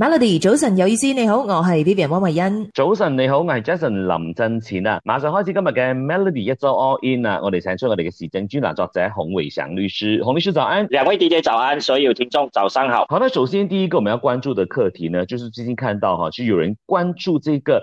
Melody，早晨有意思，你好，我是 Vivian 汪慧欣。早晨你好，我是 Jason 林振前啊。馬上開始今日嘅 Melody 一周 All In 啊，我哋請出我哋嘅時政專欄作者洪偉祥律師，洪律師早安，兩位 DJ 早安，所有聽眾早上好。好，那首先第一個我們要關注嘅課題呢，就是最近看到哈、啊，是有人關注這個。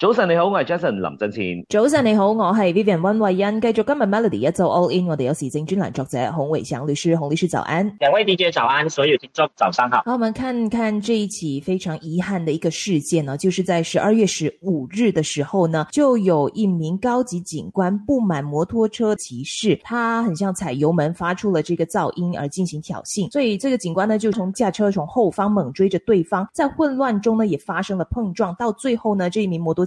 早晨你好，我係 Jason 林振前。早晨你好，我係 Vivian 溫慧欣。繼續今日 Melody 一周 All In，我哋有時政專欄作者洪偉祥律師，洪律師早安。兩位 DJ 早安，所有聽眾早上好。好，我們看看這一起非常遺憾的一個事件呢，就是在十二月十五日的時候呢，就有一名高級警官不滿摩托車騎士，他很像踩油門發出了這個噪音而進行挑釁，所以這個警官呢就從駕車從後方猛追着對方，在混亂中呢也發生了碰撞，到最後呢這一名摩托。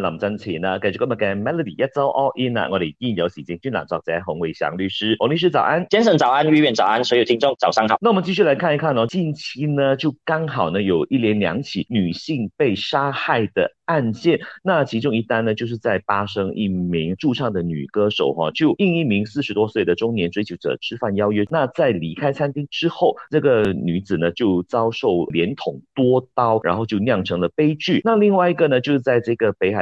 林振前啊，繼續今日嘅 Melody 一周 All In 啊，我哋依然有時政專欄作者洪偉祥律師，洪律師早安，先生早安，議員早安，所有聽眾早上好。那我們繼續來看一看哦，近期呢就剛好呢有一連兩起女性被殺害的案件，那其中一單呢就是在巴生一名駐唱的女歌手，哈，就應一名四十多歲的中年追求者吃飯邀約，那在離開餐廳之後，這個女子呢就遭受連捅多刀，然後就釀成了悲劇。那另外一個呢，就是在這個北海。